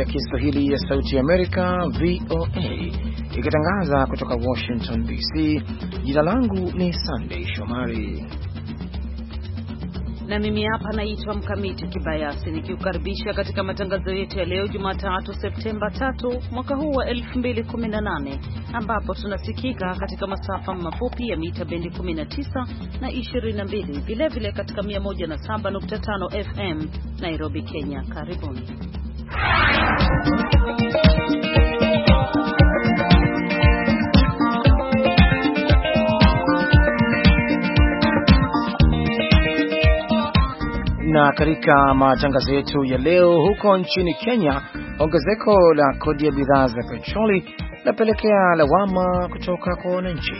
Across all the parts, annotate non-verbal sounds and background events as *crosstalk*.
ya Kiswahili ya Sauti Amerika, VOA, ikitangaza kutoka Washington DC. Jina langu ni Sandey Shomari na mimi hapa naitwa Mkamiti Kibayasi nikiukaribisha katika matangazo yetu ya leo Jumatatu, Septemba 3 mwaka huu wa 2018 ambapo tunasikika katika masafa mafupi ya mita bendi 19 na 22, vilevile katika 107.5 FM Nairobi, Kenya. Karibuni. Na katika matangazo yetu ya leo, huko nchini Kenya, ongezeko la kodi ya bidhaa za petroli napelekea lawama kutoka kwa wananchi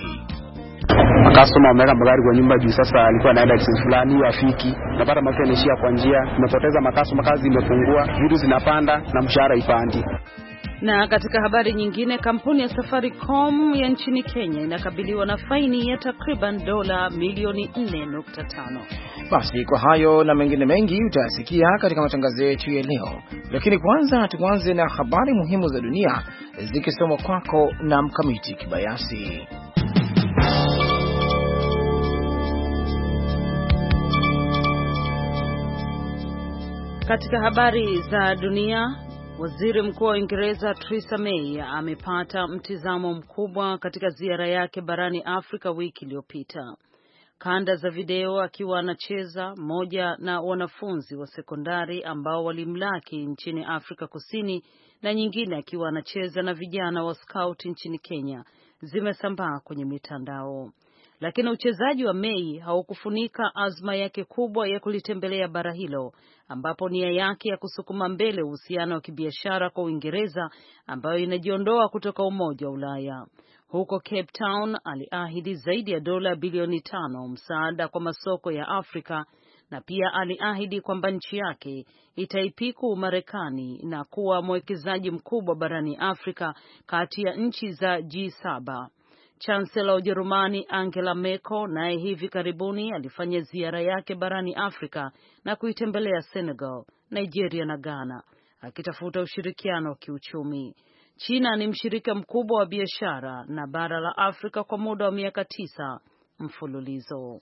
akasoma wameweka magari kwa nyumba juu, sasa alikuwa anaenda exit fulani afiki, napata mafuta inaishia kwa njia, tumepoteza makasoma, kazi imepungua, vitu zinapanda na mshahara ipandi. Na katika habari nyingine, kampuni ya Safaricom ya nchini Kenya inakabiliwa na faini ya takriban dola milioni 4.5. Basi kwa hayo na mengine mengi utayasikia katika matangazo yetu ya leo, lakini kwanza tuanze na habari muhimu za dunia zikisomwa kwako na Mkamiti Kibayasi. Katika habari za dunia, waziri mkuu wa Uingereza Theresa May amepata mtizamo mkubwa katika ziara yake barani Afrika wiki iliyopita. Kanda za video akiwa anacheza moja na wanafunzi wa sekondari ambao walimlaki nchini Afrika Kusini na nyingine akiwa anacheza na vijana wa scout nchini Kenya zimesambaa kwenye mitandao lakini uchezaji wa Mei haukufunika azma yake kubwa ya kulitembelea bara hilo, ambapo nia yake ya kusukuma mbele uhusiano wa kibiashara kwa Uingereza ambayo inajiondoa kutoka Umoja wa Ulaya. Huko Cape Town aliahidi zaidi ya dola bilioni tano msaada kwa masoko ya Afrika na pia aliahidi kwamba nchi yake itaipiku Marekani na kuwa mwekezaji mkubwa barani Afrika kati ya nchi za G7. Chansela wa Ujerumani Angela Merkel naye hivi karibuni alifanya ziara yake barani Afrika na kuitembelea Senegal, Nigeria na Ghana akitafuta ushirikiano wa kiuchumi. China ni mshirika mkubwa wa biashara na bara la Afrika kwa muda wa miaka tisa mfululizo.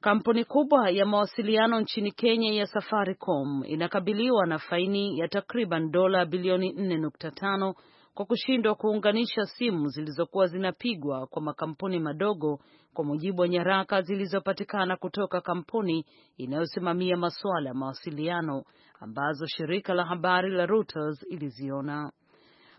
Kampuni kubwa ya mawasiliano nchini Kenya ya Safaricom inakabiliwa na faini ya takriban dola bilioni 4.5 kwa kushindwa kuunganisha simu zilizokuwa zinapigwa kwa makampuni madogo, kwa mujibu wa nyaraka zilizopatikana kutoka kampuni inayosimamia masuala ya mawasiliano ambazo shirika la habari la Reuters iliziona.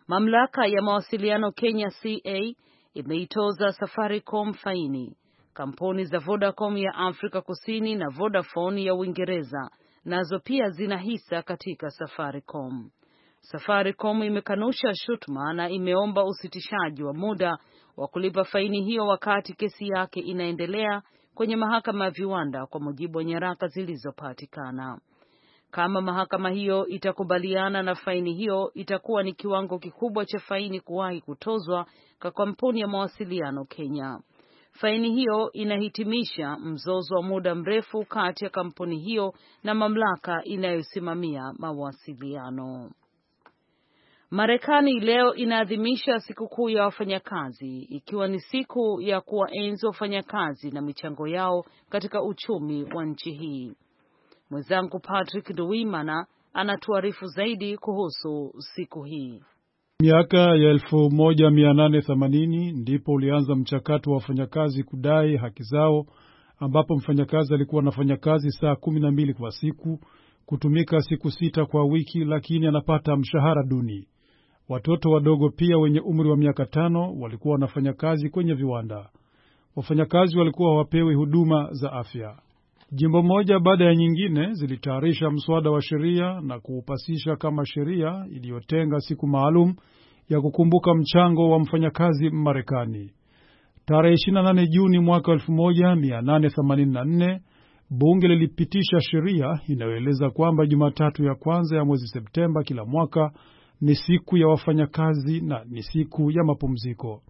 Mamlaka ya mawasiliano Kenya CA imeitoza Safaricom faini. Kampuni za Vodacom ya Afrika Kusini na Vodafone ya Uingereza nazo pia zina hisa katika Safaricom. Safaricom imekanusha shutuma na imeomba usitishaji wa muda wa kulipa faini hiyo wakati kesi yake inaendelea kwenye mahakama ya viwanda kwa mujibu wa nyaraka zilizopatikana. Kama mahakama hiyo itakubaliana na faini hiyo, itakuwa ni kiwango kikubwa cha faini kuwahi kutozwa kwa kampuni ya mawasiliano Kenya. Faini hiyo inahitimisha mzozo wa muda mrefu kati ya kampuni hiyo na mamlaka inayosimamia mawasiliano. Marekani leo inaadhimisha sikukuu ya wafanyakazi ikiwa ni siku ya kuwaenzi wafanyakazi na michango yao katika uchumi wa nchi hii. Mwenzangu Patrick Nduwimana anatuarifu zaidi kuhusu siku hii. Miaka ya 1880 ndipo ulianza mchakato wa wafanyakazi kudai haki zao, ambapo mfanyakazi alikuwa anafanya kazi saa kumi mbili kwa siku, kutumika siku sita kwa wiki, lakini anapata mshahara duni. Watoto wadogo pia wenye umri wa miaka tano walikuwa wanafanya kazi kwenye viwanda. Wafanyakazi walikuwa hawapewi huduma za afya. Jimbo moja baada ya nyingine zilitayarisha mswada wa sheria na kuupasisha kama sheria iliyotenga siku maalum ya kukumbuka mchango wa mfanyakazi Marekani. Tarehe 28 Juni mwaka 1884 bunge lilipitisha sheria inayoeleza kwamba Jumatatu ya kwanza ya mwezi Septemba kila mwaka ni siku ya wafanyakazi na ni siku ya mapumziko.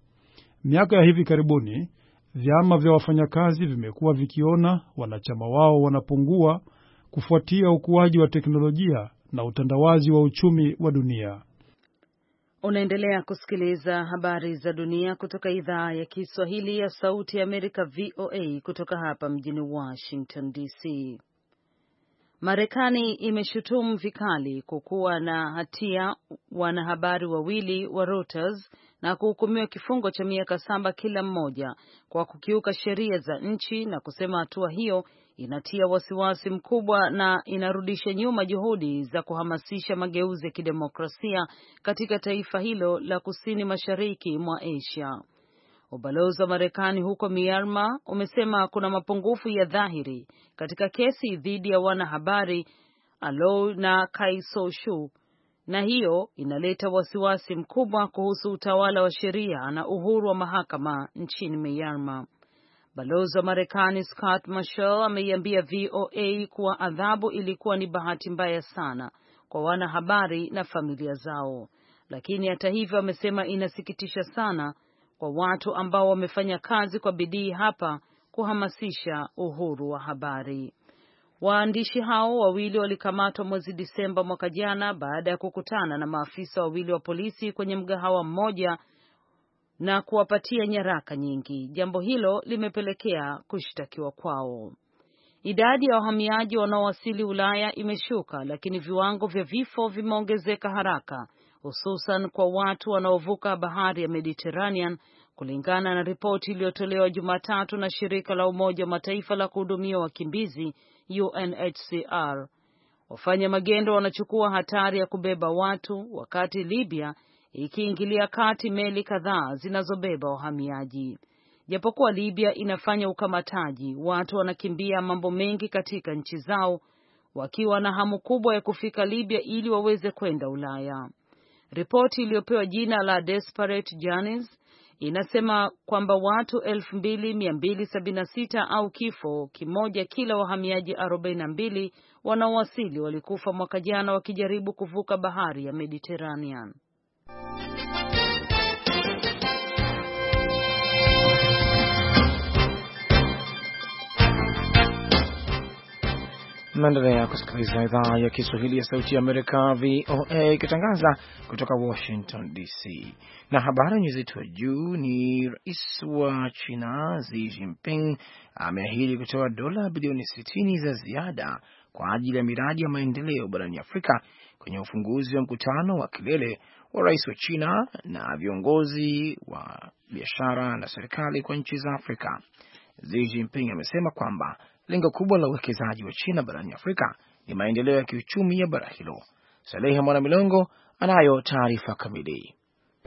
Miaka ya hivi karibuni, vyama vya wafanyakazi vimekuwa vikiona wanachama wao wanapungua kufuatia ukuaji wa teknolojia na utandawazi wa uchumi wa dunia. Unaendelea kusikiliza habari za dunia kutoka idhaa ya Kiswahili ya Sauti ya Amerika, VOA, kutoka hapa mjini Washington DC. Marekani imeshutumu vikali kukuwa na hatia wanahabari wawili wa Reuters na kuhukumiwa kifungo cha miaka saba kila mmoja kwa kukiuka sheria za nchi na kusema hatua hiyo inatia wasiwasi mkubwa na inarudisha nyuma juhudi za kuhamasisha mageuzi ya kidemokrasia katika taifa hilo la kusini mashariki mwa Asia. Ubalozi wa Marekani huko Myanmar umesema kuna mapungufu ya dhahiri katika kesi dhidi ya wanahabari Alou na Kaisoshu, na hiyo inaleta wasiwasi mkubwa kuhusu utawala wa sheria na uhuru wa mahakama nchini Myanmar. Balozi wa Marekani Scott Marshall ameiambia VOA kuwa adhabu ilikuwa ni bahati mbaya sana kwa wanahabari na familia zao, lakini hata hivyo amesema inasikitisha sana kwa watu ambao wamefanya kazi kwa bidii hapa kuhamasisha uhuru wa habari. Waandishi hao wawili walikamatwa mwezi Disemba mwaka jana baada ya kukutana na maafisa wawili wa polisi kwenye mgahawa mmoja na kuwapatia nyaraka nyingi. Jambo hilo limepelekea kushtakiwa kwao. Idadi ya wahamiaji wanaowasili Ulaya imeshuka, lakini viwango vya vifo vimeongezeka haraka hususan kwa watu wanaovuka bahari ya Mediterranean, kulingana na ripoti iliyotolewa Jumatatu na shirika la Umoja wa Mataifa la kuhudumia wakimbizi UNHCR. Wafanya magendo wanachukua hatari ya kubeba watu, wakati Libya ikiingilia kati meli kadhaa zinazobeba wahamiaji. Japokuwa Libya inafanya ukamataji, watu wanakimbia mambo mengi katika nchi zao, wakiwa na hamu kubwa ya kufika Libya ili waweze kwenda Ulaya. Ripoti iliyopewa jina la Desperate Journeys inasema kwamba watu 2276 au kifo kimoja kila wahamiaji 42 wanaowasili walikufa mwaka jana wakijaribu kuvuka bahari ya Mediterranean. Naendelea kusikiliza idhaa ya Kiswahili ya Sauti ya Amerika, VOA, ikitangaza kutoka Washington DC. Na habari yenye uzito wa juu ni rais wa China Xi Jinping ameahidi kutoa dola bilioni 60 za ziada kwa ajili ya miradi ya maendeleo barani Afrika kwenye ufunguzi wa mkutano wa kilele wa rais wa China na viongozi wa biashara na serikali kwa nchi za Afrika. Xi Jinping amesema kwamba lengo kubwa la uwekezaji wa China barani Afrika ni maendeleo ya kiuchumi ya bara hilo. Salehe Mwanamilongo anayo taarifa kamili.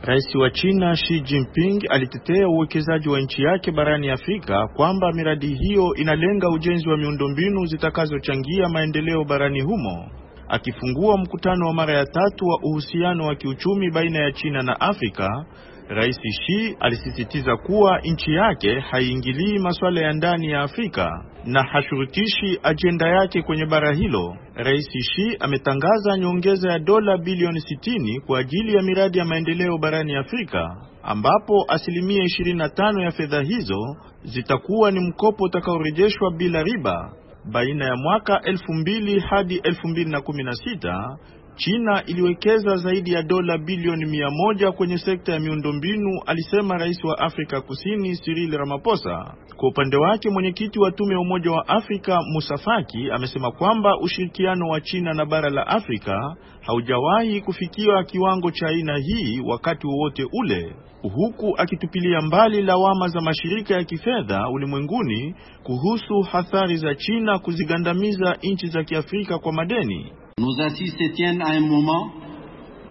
Rais wa China Xi Jinping alitetea uwekezaji wa nchi yake barani Afrika kwamba miradi hiyo inalenga ujenzi wa miundombinu zitakazochangia maendeleo barani humo. Akifungua mkutano wa mara ya tatu wa uhusiano wa kiuchumi baina ya China na Afrika, Rais Xi alisisitiza kuwa nchi yake haiingilii masuala ya ndani ya Afrika na hashurutishi ajenda yake kwenye bara hilo. Rais Xi ametangaza nyongeza ya dola bilioni 60 kwa ajili ya miradi ya maendeleo barani Afrika ambapo asilimia 25 ya fedha hizo zitakuwa ni mkopo utakaorejeshwa bila riba baina ya mwaka 2000 hadi 2016 China iliwekeza zaidi ya dola bilioni mia moja kwenye sekta ya miundombinu, alisema rais wa Afrika Kusini Cyril Ramaphosa. Kwa upande wake, mwenyekiti wa tume ya Umoja wa Afrika Musa Faki amesema kwamba ushirikiano wa China na bara la Afrika haujawahi kufikiwa kiwango cha aina hii wakati wowote ule, huku akitupilia mbali lawama za mashirika ya kifedha ulimwenguni kuhusu athari za China kuzigandamiza nchi za Kiafrika kwa madeni. Nos assises se tiennent à un moment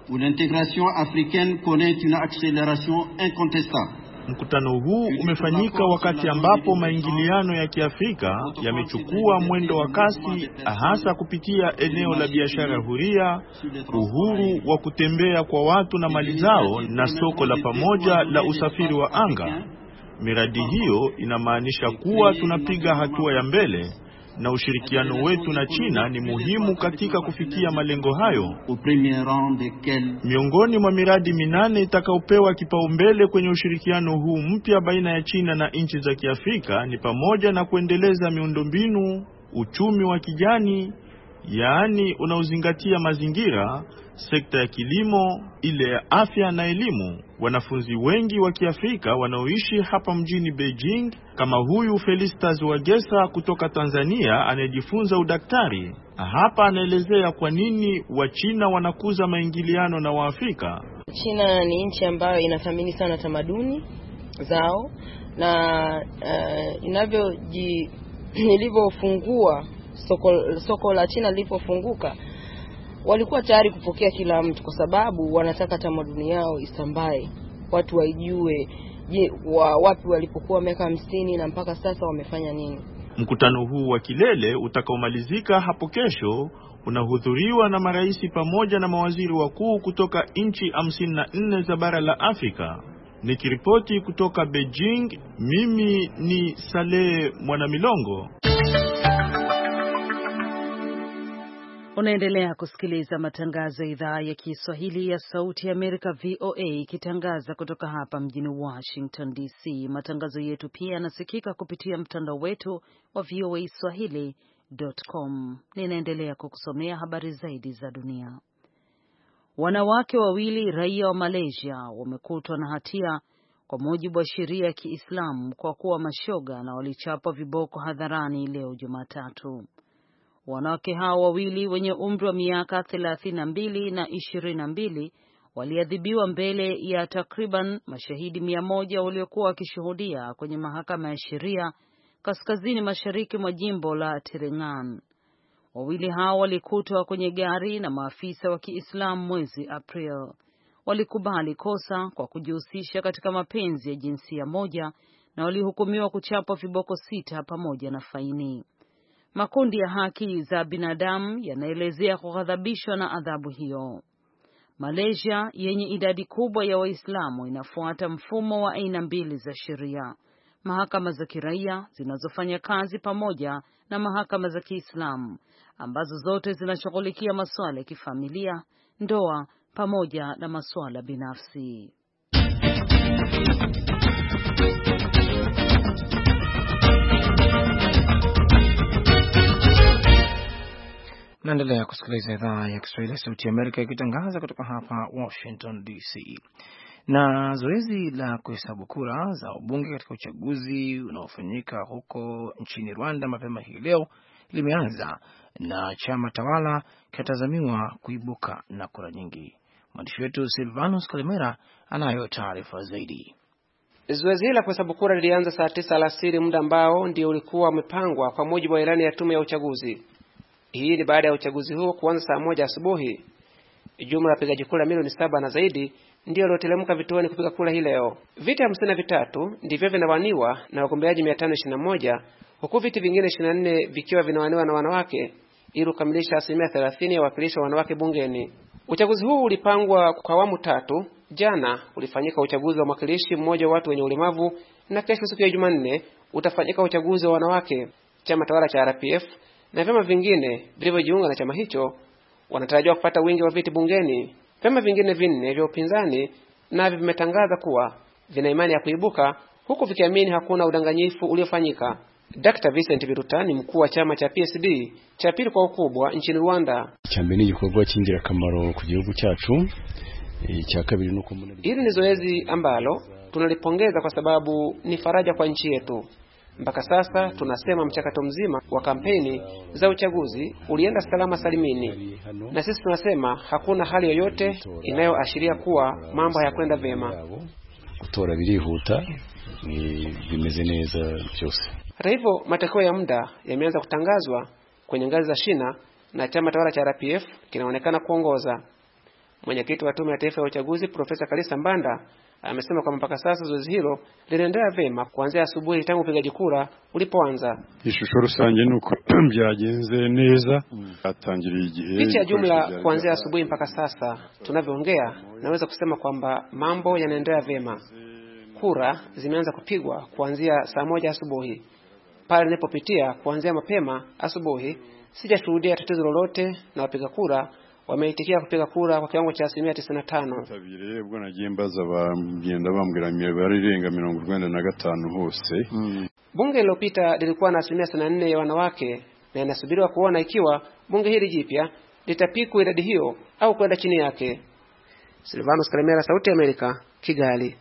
où l'intégration africaine connaît une accélération incontestable. Mkutano huu umefanyika wakati ambapo maingiliano ya Kiafrika yamechukua mwendo wa kasi, hasa kupitia eneo la biashara huria, uhuru wa kutembea kwa watu na mali zao, na soko la pamoja la usafiri wa anga. Miradi hiyo inamaanisha kuwa tunapiga hatua ya mbele na ushirikiano wetu na China ni muhimu katika kufikia malengo hayo. Miongoni mwa miradi minane itakayopewa kipaumbele kwenye ushirikiano huu mpya baina ya China na nchi za Kiafrika ni pamoja na kuendeleza miundombinu, uchumi wa kijani, yaani unaozingatia mazingira sekta ya kilimo, ile ya afya na elimu. Wanafunzi wengi wa Kiafrika wanaoishi hapa mjini Beijing kama huyu Felistas Wagesa kutoka Tanzania anayejifunza udaktari. Hapa anaelezea kwa nini Wachina wanakuza maingiliano na Waafrika. China ni nchi ambayo inathamini sana tamaduni zao na uh, eh, inavyoji *clears throat* ilivyofungua soko, soko la China lilipofunguka walikuwa tayari kupokea kila mtu, kwa sababu wanataka tamaduni yao isambae, watu waijue. Je, wa wapi walipokuwa miaka hamsini na mpaka sasa wamefanya nini? Mkutano huu wa kilele utakaomalizika hapo kesho unahudhuriwa na marais pamoja na mawaziri wakuu kutoka nchi 54 za bara la Afrika. Nikiripoti kutoka Beijing, mimi ni Saleh Mwanamilongo. Unaendelea kusikiliza matangazo ya idhaa ya Kiswahili ya Sauti ya Amerika, VOA, ikitangaza kutoka hapa mjini Washington DC. Matangazo yetu pia yanasikika kupitia mtandao wetu wa VOA Swahili.com. Ninaendelea kukusomea habari zaidi za dunia. Wanawake wawili raia wa Malaysia wamekutwa na hatia kwa mujibu wa sheria ya Kiislamu kwa kuwa mashoga na walichapwa viboko hadharani leo Jumatatu. Wanawake hao wawili wenye umri wa miaka 32 na 22 waliadhibiwa mbele ya takriban mashahidi mia moja waliokuwa wakishuhudia kwenye mahakama ya sheria kaskazini mashariki mwa jimbo la Terengan. Wawili hao walikutwa kwenye gari na maafisa wa Kiislamu mwezi April. Walikubali kosa kwa kujihusisha katika mapenzi ya jinsia moja na walihukumiwa kuchapwa viboko sita pamoja na faini. Makundi ya haki za binadamu yanaelezea kughadhabishwa na adhabu hiyo. Malaysia yenye idadi kubwa ya Waislamu inafuata mfumo wa aina mbili za sheria, mahakama za kiraia zinazofanya kazi pamoja na mahakama za Kiislamu ambazo zote zinashughulikia masuala ya kifamilia, ndoa pamoja na masuala binafsi. Naendelea kusikiliza idhaa ya Kiswahili ya Sauti ya Amerika ikitangaza kutoka hapa Washington DC. Na zoezi la kuhesabu kura za wabunge katika uchaguzi unaofanyika huko nchini Rwanda mapema hii leo limeanza na chama tawala kinatazamiwa kuibuka na kura nyingi. Mwandishi wetu Silvanus Kalimera anayo taarifa zaidi. Zoezi hili la kuhesabu kura lilianza saa tisa alasiri, muda ambao ndio ulikuwa umepangwa kwa mujibu wa ilani ya tume ya uchaguzi. Hii ni baada ya uchaguzi huo kuanza saa moja asubuhi. Jumla ya wapigaji kura milioni saba na zaidi ndio walioteremka vituoni kupiga kura hii leo. Viti hamsini na vitatu ndivyo vinawaniwa na wagombeaji mia tano ishirini na moja huku viti vingine ishirini na nne vikiwa vinawaniwa na wanawake ili kukamilisha asilimia thelathini ya wawakilishi wa wanawake bungeni. Uchaguzi huu ulipangwa kwa awamu tatu. Jana ulifanyika uchaguzi wa mwakilishi mmoja wa watu wenye ulemavu na kesho siku ya Jumanne utafanyika uchaguzi wa wanawake. Chama tawala cha RPF na vyama vingine vilivyojiunga na chama hicho wanatarajiwa kupata wingi wa viti bungeni. Vyama vingine vinne vya upinzani navyo vimetangaza kuwa vina imani ya kuibuka huku vikiamini hakuna udanganyifu uliofanyika. Dr. Vincent Biruta ni mkuu wa chama cha PSD cha pili kwa ukubwa nchini Rwanda. Chambeni gikorwa cy'ingirakamaro ku gihugu cyacu eh, cya kabiri nuko. Hili ni zoezi ambalo tunalipongeza kwa sababu ni faraja kwa nchi yetu. Mpaka sasa tunasema mchakato mzima wa kampeni za uchaguzi ulienda salama salimini, na sisi tunasema hakuna hali yoyote inayoashiria kuwa mambo hayakwenda vyema. Kutora birihuta ni bimeze neza byose. Hata hivyo, matokeo ya muda yameanza kutangazwa kwenye ngazi za shina na chama tawala cha RPF kinaonekana kuongoza. Mwenyekiti wa Tume ya Taifa ya Uchaguzi Profesa Kalisa Mbanda amesema kwamba mpaka sasa zoezi hilo linaendelea vyema kuanzia asubuhi tangu upigaji kura ulipoanza. ishusho rusange nuko *clears throat* byagenze neza mm. atangiriye igihe. Licha ya jumla kuanzia asubuhi mpaka sasa tunavyoongea, naweza kusema kwamba mambo yanaendelea vyema. Kura zimeanza kupigwa kuanzia saa moja asubuhi. Pale nilipopitia kuanzia mapema asubuhi, sijashuhudia tatizo lolote na wapiga kura wameitikia kupiga kura kwa kiwango cha asilimia tisini na tano bitabiriye ubwo nagiye mbaza bagenda bambwira imibare irenga mirongo urwenda na gatanu hose hmm. bunge lililopita lilikuwa na asilimia thelathini na nne ya wanawake na inasubiriwa kuona ikiwa bunge hili jipya litapikwa idadi hiyo au kwenda chini yake. Silvanus Kalemera, Sauti ya Amerika, Kigali.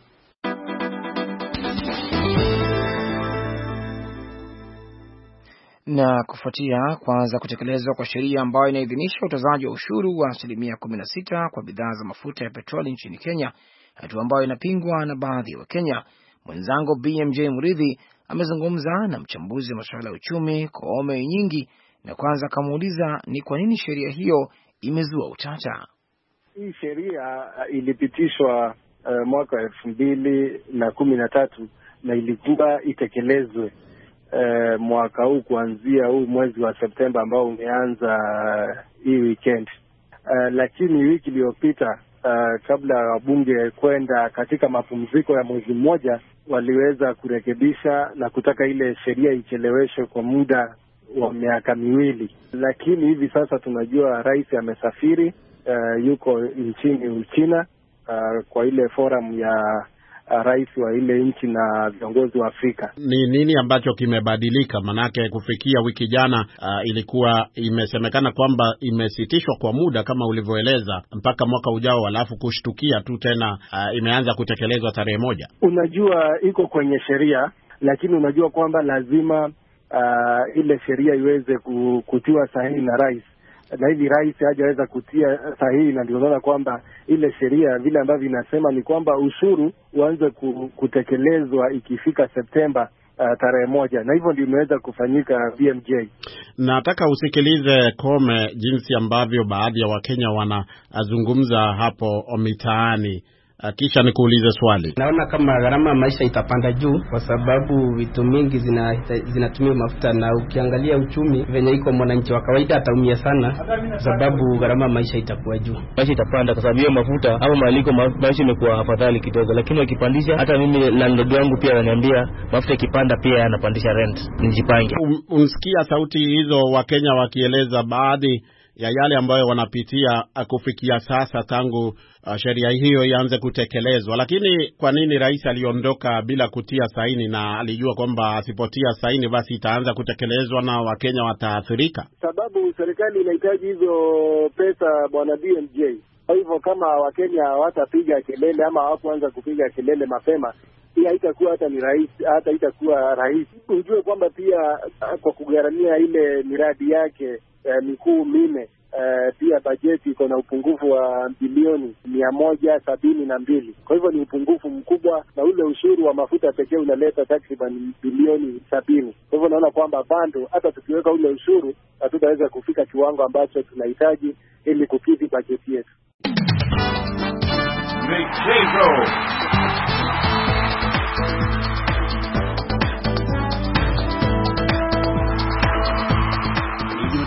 na kufuatia kuanza kutekelezwa kwa sheria ambayo inaidhinisha utozaji wa ushuru wa asilimia kumi na sita kwa bidhaa za mafuta ya petroli nchini Kenya, hatua ambayo inapingwa na baadhi ya Wakenya. Mwenzangu BMJ Muridhi amezungumza na mchambuzi wa masuala ya uchumi Koome Nyingi na kwanza akamuuliza ni kwa nini sheria hiyo imezua utata. Hii sheria uh, ilipitishwa uh, mwaka wa elfu mbili na kumi na tatu na ilikuwa itekelezwe eh, mwaka huu kuanzia huu mwezi wa Septemba ambao umeanza eh, hii weekend uh, lakini wiki iliyopita uh, kabla ya wabunge kwenda katika mapumziko ya mwezi mmoja waliweza kurekebisha na kutaka ile sheria icheleweshwe kwa muda wa miaka miwili, lakini hivi sasa tunajua rais amesafiri, uh, yuko nchini Uchina uh, kwa ile forum ya Uh, rais wa ile nchi na viongozi wa Afrika. Ni nini ambacho kimebadilika? Manake kufikia wiki jana, uh, ilikuwa imesemekana kwamba imesitishwa kwa muda kama ulivyoeleza mpaka mwaka ujao, halafu kushtukia tu tena uh, imeanza kutekelezwa tarehe moja. Unajua iko kwenye sheria, lakini unajua kwamba lazima uh, ile sheria iweze kutiwa sahihi na rais na hivi rais hajaweza kutia sahihi, na ndio unaona kwamba ile sheria vile ambavyo inasema ni kwamba ushuru uanze kutekelezwa ikifika Septemba Uh, tarehe moja na hivyo ndio imeweza kufanyika BMJ. Nataka usikilize Kome jinsi ambavyo baadhi ya Wakenya wanazungumza hapo mitaani Ah, kisha nikuulize swali. Naona kama gharama ya maisha itapanda juu, kwa sababu vitu mingi zinatumia zina mafuta, na ukiangalia uchumi venye iko, mwananchi wa kawaida ataumia sana, kwa sababu gharama ya maisha itakuwa juu, maisha itapanda kwa sababu hiyo mafuta. Hapo maliko maisha imekuwa afadhali kidogo, lakini wakipandisha, hata mimi landlord wangu pia ananiambia mafuta ikipanda pia yanapandisha rent, nijipange. Unsikia sauti hizo Wakenya wakieleza baadhi ya yale ambayo wanapitia uh, kufikia sasa tangu uh, sheria hiyo ianze kutekelezwa. Lakini kwa nini rais aliondoka bila kutia saini, na alijua kwamba asipotia saini basi itaanza kutekelezwa na Wakenya wataathirika? Sababu serikali inahitaji hizo pesa, bwana BMJ. Kwa hivyo kama Wakenya hawatapiga kelele ama hawakuanza kupiga kelele mapema, haitakuwa hata ni rahisi, hata itakuwa rahisi. Ujue kwamba pia ah, kwa kugharamia ile miradi yake eh, mikuu minne Uh, pia bajeti iko na upungufu wa bilioni mia moja sabini na mbili. Kwa hivyo ni upungufu mkubwa, na ule ushuru wa mafuta pekee unaleta takriban bilioni sabini. Kwa hivyo naona kwamba bado hata tukiweka ule ushuru hatutaweza kufika kiwango ambacho tunahitaji ili kukidhi bajeti yetu. Michezo.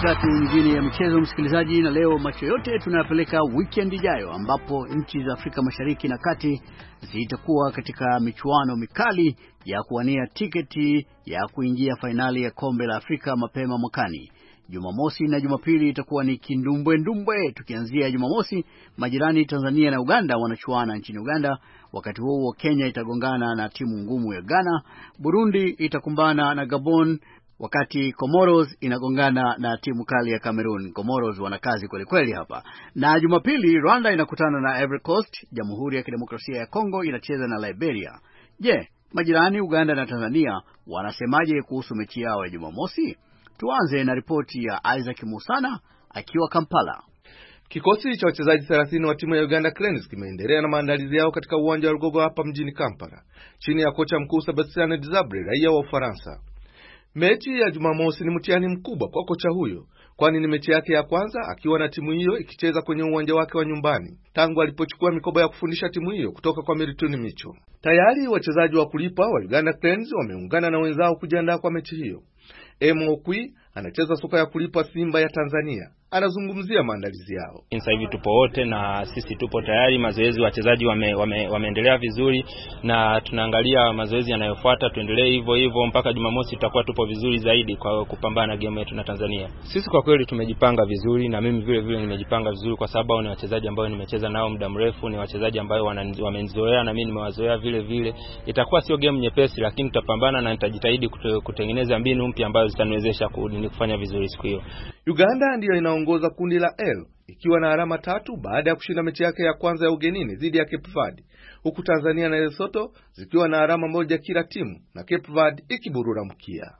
tatu nyingine ya michezo, msikilizaji, na leo macho yote tunayapeleka weekend ijayo, ambapo nchi za Afrika Mashariki na Kati zitakuwa katika michuano mikali ya kuwania tiketi ya kuingia fainali ya kombe la Afrika mapema mwakani. Jumamosi na Jumapili itakuwa ni kindumbwendumbwe. Tukianzia Jumamosi, majirani Tanzania na Uganda wanachuana nchini Uganda. Wakati huo huo, Kenya itagongana na timu ngumu ya Ghana, Burundi itakumbana na Gabon, wakati Comoros inagongana na timu kali ya Cameroon. Comoros wana kazi kweli kweli hapa. Na Jumapili Rwanda inakutana na Ivory Coast, Jamhuri ya Kidemokrasia ya Kongo inacheza na Liberia. Je, majirani Uganda na Tanzania wanasemaje kuhusu mechi yao ya Jumamosi? Tuanze na ripoti ya Isaac Musana akiwa Kampala. Kikosi cha wachezaji 30 wa timu ya Uganda Cranes kimeendelea na maandalizi yao katika uwanja wa Rugogo hapa mjini Kampala, chini ya kocha mkuu Sebastian Desabre, raia wa Ufaransa. Mechi ya Jumamosi ni mtihani mkubwa kwa kocha huyo, kwani ni mechi yake ya kwanza akiwa na timu hiyo ikicheza kwenye uwanja wake wa nyumbani tangu alipochukua mikoba ya kufundisha timu hiyo kutoka kwa Mirituni Micho. Tayari wachezaji wa kulipa wa Uganda Cranes wameungana na wenzao kujiandaa kwa mechi hiyo. Emokwi anacheza soka ya kulipa Simba ya Tanzania, anazungumzia maandalizi yao. Sasa hivi tupo wote na sisi tupo tayari, mazoezi wachezaji wame, wame, wameendelea vizuri, na tunaangalia mazoezi yanayofuata, tuendelee hivyo hivyo mpaka Jumamosi, tutakuwa tupo vizuri zaidi kwa kupambana na game yetu na Tanzania. Sisi kwa kweli tumejipanga vizuri, na mimi vile vile nimejipanga vizuri, kwa sababu ni wachezaji ambao nimecheza nao muda mrefu, ni wachezaji ambao wamenizoea na mimi nimewazoea vile vile. Itakuwa sio game nyepesi, lakini tutapambana na nitajitahidi kutengeneza mbinu mpya ambazo zitaniwezesha kufanya vizuri siku hiyo. Uganda ndiyo inaongoza kundi la L ikiwa na alama tatu baada ya kushinda mechi yake ya kwanza ya ugenini dhidi ya Cape Verde, huku Tanzania na Lesotho zikiwa na alama moja kila timu na Cape Verde ikiburura mkia.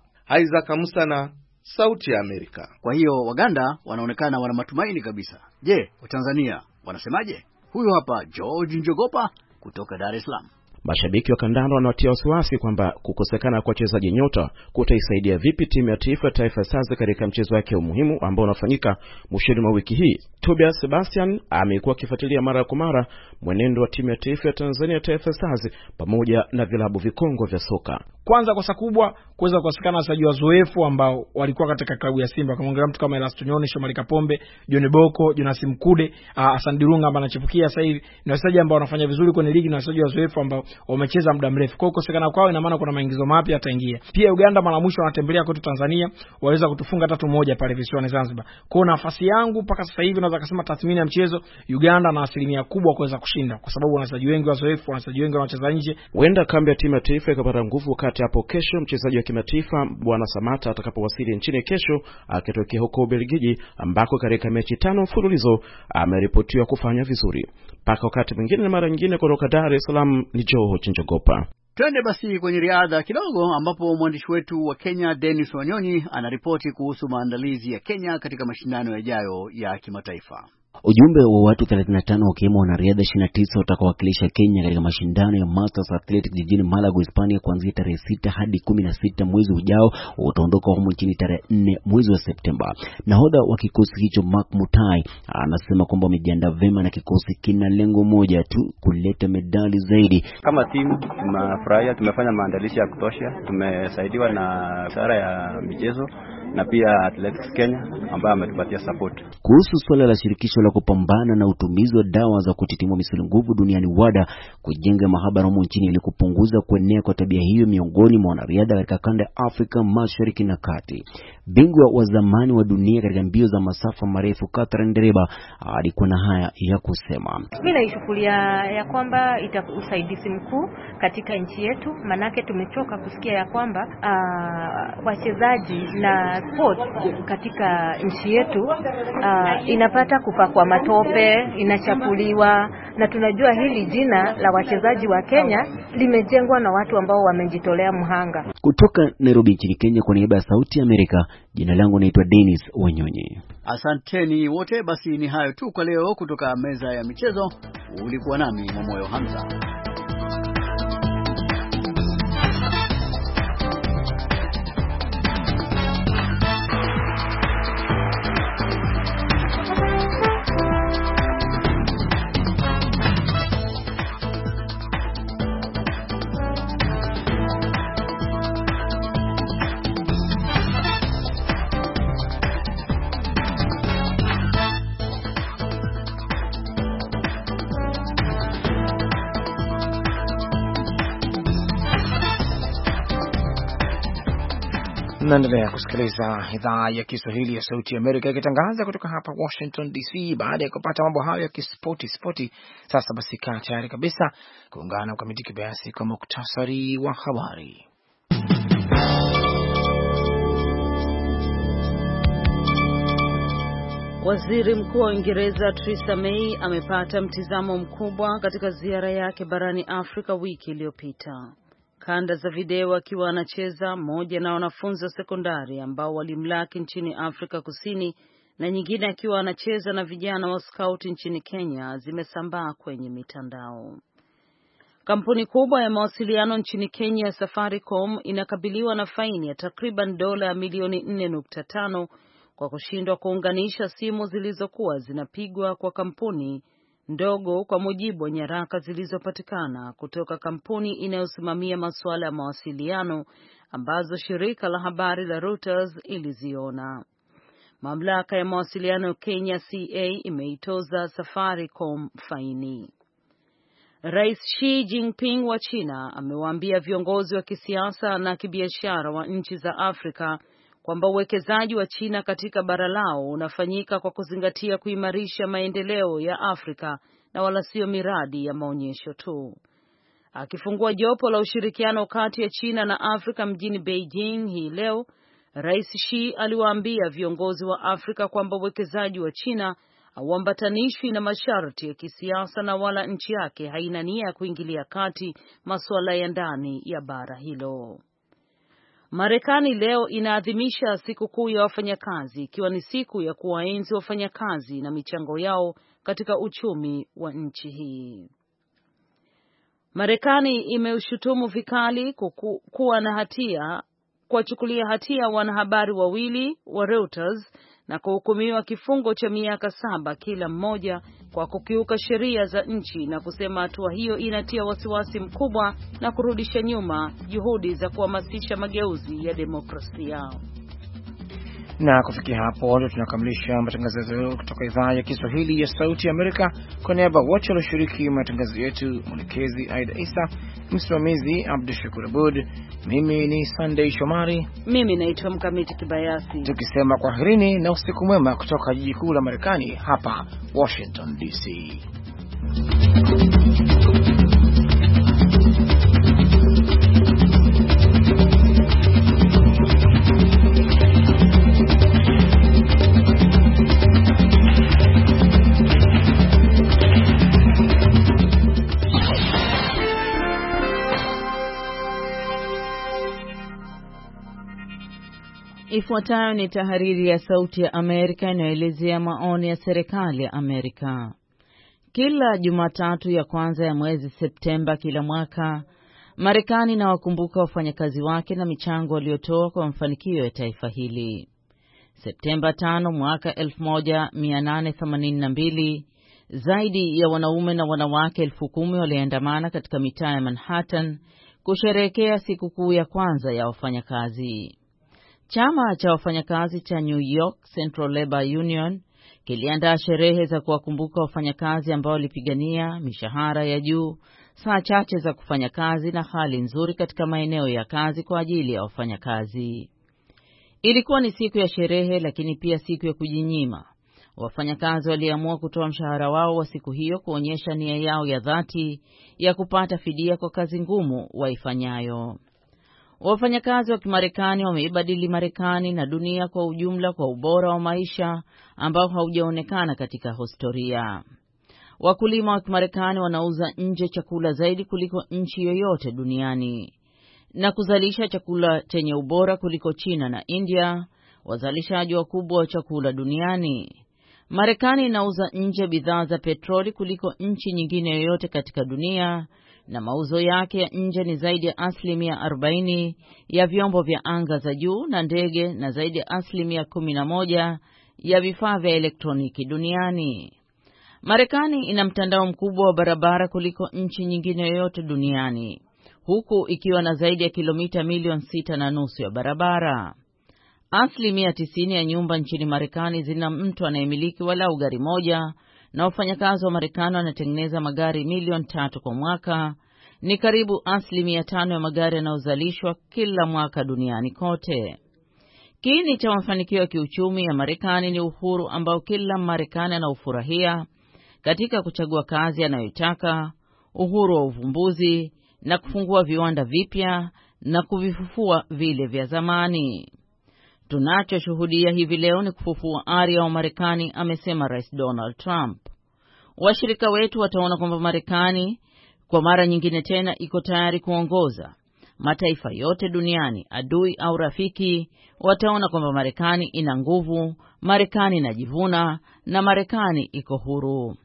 Isaac Musana, Sauti ya Amerika. Kwa hiyo Waganda wanaonekana wana matumaini kabisa. Je, Watanzania wanasemaje? Huyu hapa George Njogopa kutoka Dar es Salaam. Mashabiki wa kandanda wanawatia wasiwasi kwamba kukosekana kwa wachezaji nyota kutaisaidia vipi timu ya taifa ya Taifa Stars katika mchezo wake muhimu ambao unafanyika mwishoni mwa wiki hii. Tobias Sebastian amekuwa akifuatilia mara kwa mara mwenendo wa timu ya taifa ya Tanzania Taifa Stars pamoja na vilabu vikongwe vya soka. Kwanza kosa kubwa kuweza kuwasikana wachezaji wazoefu ambao walikuwa katika klabu ya Simba. Kamwongelea mtu kama Elastonyoni, Shomari Kapombe, John Boko, Jonas Mkude, ah, Hassan Dirunga ambaye anachipukia sasa hivi, ni wachezaji ambao wanafanya vizuri kwenye ligi na wachezaji wazoefu ambao wamecheza muda mrefu. Kwa hiyo kukosekana kwao ina maana kuna maingizo mapya yataingia. Pia Uganda mara mwisho wanatembelea kwetu Tanzania, waweza kutufunga tatu moja pale visiwani Zanzibar. Kwa nafasi yangu mpaka sasa hivi naweza kusema tathmini ya mchezo Uganda na asilimia kubwa kuweza kushinda, kwa sababu wana wachezaji wengi wazoefu, wana wachezaji wengi wanacheza nje. Huenda kambi ya timu ya taifa ikapata nguvu wakati hapo kesho, mchezaji wa kimataifa Bwana Samata atakapowasili nchini kesho akitokea huko Ubelgiji, ambako katika mechi tano mfululizo ameripotiwa kufanya vizuri. Mpaka wakati mwingine na mara nyingine, kutoka Dar es Salaam ni Joho Chinjogopa. Twende basi kwenye riadha kidogo, ambapo mwandishi wetu wa Kenya Dennis Wanyonyi anaripoti kuhusu maandalizi ya Kenya katika mashindano yajayo ya kimataifa. Ujumbe wa watu 35 wakiwemo wanariadha 29 watakaowakilisha Kenya katika mashindano ya Masters Athletics jijini Malaga, Hispania kuanzia tarehe 6 hadi 16 mwezi ujao utaondoka humo nchini tarehe 4 mwezi wa Septemba. Nahodha wa kikosi hicho Mark Mutai anasema kwamba wamejiandaa vema na kikosi kina lengo moja tu, kuleta medali zaidi. Kama timu tumefurahia, tumefanya maandalizi ya kutosha, tumesaidiwa na Wizara ya Michezo na pia Athletics Kenya ambayo ametupatia support kuhusu suala la shirikisho la katika kupambana na utumizi wa dawa za kutitimua misuli nguvu duniani WADA kujenga mahabara humo nchini ili kupunguza kuenea kwa tabia hiyo miongoni mwa wanariadha katika kanda ya Afrika Mashariki na Kati. Bingwa wa zamani wa dunia katika mbio za masafa marefu Catherine Dereba alikuwa na haya ya kusema: mimi naishukulia ya kwamba usaidizi mkuu katika nchi yetu, manake tumechoka kusikia ya kwamba uh, wachezaji na sport katika nchi yetu uh, inapata kupakwa kwa matope inachafuliwa, na tunajua hili jina la wachezaji wa Kenya limejengwa na watu ambao wamejitolea mhanga. Kutoka Nairobi nchini Kenya, kwa niaba ya Sauti ya Amerika, jina langu naitwa Dennis Wanyonyi. Asanteni wote. Basi ni hayo tu kwa leo kutoka meza ya michezo. Ulikuwa nami Momoyo Hamza. Mnaendelea kusikiliza idhaa ya Kiswahili ya Sauti Amerika ikitangaza kutoka hapa Washington DC. Baada ya kupata mambo hayo ya kispoti spoti, sasa basi kaa tayari kabisa kuungana na Mkamiti Kibayasi kwa muktasari wa habari. Waziri Mkuu wa Uingereza Theresa May amepata mtizamo mkubwa katika ziara yake barani Afrika wiki iliyopita kanda za video akiwa anacheza moja na wanafunzi wa sekondari ambao walimlaki nchini Afrika Kusini na nyingine akiwa anacheza na vijana wa scout nchini Kenya zimesambaa kwenye mitandao. Kampuni kubwa ya mawasiliano nchini Kenya, ya Safaricom, inakabiliwa na faini ya takriban dola ya milioni 4.5 kwa kushindwa kuunganisha simu zilizokuwa zinapigwa kwa kampuni ndogo, kwa mujibu wa nyaraka zilizopatikana kutoka kampuni inayosimamia masuala ya mawasiliano ambazo shirika la habari la Reuters iliziona. Mamlaka ya mawasiliano Kenya CA imeitoza Safaricom faini. Rais Xi Jinping wa China amewaambia viongozi wa kisiasa na kibiashara wa nchi za Afrika kwamba uwekezaji wa China katika bara lao unafanyika kwa kuzingatia kuimarisha maendeleo ya Afrika na wala sio miradi ya maonyesho tu. Akifungua jopo la ushirikiano kati ya China na Afrika mjini Beijing hii leo, Rais Xi aliwaambia viongozi wa Afrika kwamba uwekezaji wa China hauambatanishwi na masharti ya kisiasa na wala nchi yake haina nia ya kuingilia kati masuala ya ndani ya bara hilo. Marekani leo inaadhimisha sikukuu ya wafanyakazi ikiwa ni siku ya kuwaenzi wafanyakazi na michango yao katika uchumi wa nchi hii. Marekani imeushutumu vikali kuku, kuwa na hatia kuwachukulia hatia wanahabari wawili wa Reuters na kuhukumiwa kifungo cha miaka saba kila mmoja kwa kukiuka sheria za nchi na kusema hatua hiyo inatia wasiwasi mkubwa na kurudisha nyuma juhudi za kuhamasisha mageuzi ya demokrasia. Na kufikia hapo ndio tunakamilisha matangazo yetu kutoka idhaa ya Kiswahili ya Sauti ya Amerika. Kwa niaba wote walioshiriki matangazo yetu, mwelekezi Aida Isa, msimamizi Abdu Shakur Abud, mimi ni Sandei Shomari, mimi naitwa Mkamiti Kibayasi, tukisema kwaherini na usiku mwema kutoka jiji kuu la Marekani, hapa Washington DC. Ifuatayo ni tahariri ya Sauti ya Amerika inayoelezea maoni ya serikali ya Amerika. Kila Jumatatu ya kwanza ya mwezi Septemba kila mwaka, Marekani inawakumbuka wafanyakazi wake na michango waliotoa kwa mafanikio ya taifa hili. Septemba 5 mwaka 1882 zaidi ya wanaume na wanawake elfu kumi waliandamana katika mitaa ya Manhattan kusherehekea sikukuu ya kwanza ya wafanyakazi. Chama cha wafanyakazi cha New York Central Labor Union kiliandaa sherehe za kuwakumbuka wafanyakazi ambao walipigania mishahara ya juu, saa chache za kufanya kazi na hali nzuri katika maeneo ya kazi kwa ajili ya wafanyakazi. Ilikuwa ni siku ya sherehe, lakini pia siku ya kujinyima. Wafanyakazi waliamua kutoa mshahara wao wa siku hiyo kuonyesha nia yao ya dhati ya kupata fidia kwa kazi ngumu waifanyayo. Wafanyakazi wa Kimarekani wameibadili Marekani na dunia kwa ujumla kwa ubora wa maisha ambao haujaonekana katika historia. Wakulima wa Kimarekani wanauza nje chakula zaidi kuliko nchi yoyote duniani na kuzalisha chakula chenye ubora kuliko China na India, wazalishaji wakubwa wa chakula duniani. Marekani inauza nje bidhaa za petroli kuliko nchi nyingine yoyote katika dunia na mauzo yake ya nje ni zaidi ya asilimia 40 ya vyombo vya anga za juu na ndege na zaidi ya asilimia 11 ya vifaa vya elektroniki duniani. Marekani ina mtandao mkubwa wa barabara kuliko nchi nyingine yoyote duniani huku ikiwa na zaidi ya kilomita milioni sita na nusu ya barabara. Asilimia 90 ya nyumba nchini Marekani zina mtu anayemiliki walau gari moja na wafanyakazi wa Marekani wanatengeneza magari milioni tatu kwa mwaka, ni karibu asilimia tano ya magari yanayozalishwa kila mwaka duniani kote. Kiini cha mafanikio ya kiuchumi ya Marekani ni uhuru ambao kila Marekani anaufurahia katika kuchagua kazi anayoitaka uhuru wa uvumbuzi na kufungua viwanda vipya na kuvifufua vile vya zamani tunachoshuhudia hivi leo ni kufufua ari ya Wamarekani, amesema Rais Donald Trump. Washirika wetu wataona kwamba Marekani kwa mara nyingine tena iko tayari kuongoza mataifa yote duniani, adui au rafiki. Wataona kwamba Marekani ina nguvu, Marekani inajivuna na Marekani iko huru.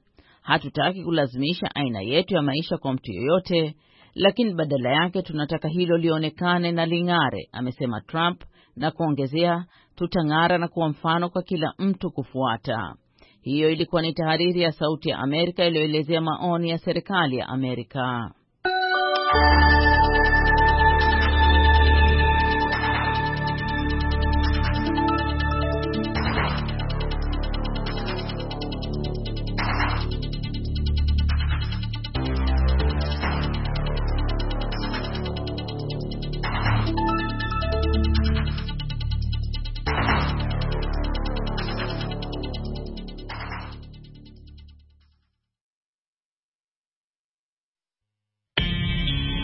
Hatutaki kulazimisha aina yetu ya maisha kwa mtu yoyote, lakini badala yake tunataka hilo lionekane na ling'are, amesema Trump na kuongezea, tutang'ara na kuwa mfano kwa kila mtu kufuata. Hiyo ilikuwa ni tahariri ya Sauti ya Amerika iliyoelezea maoni ya serikali ya Amerika.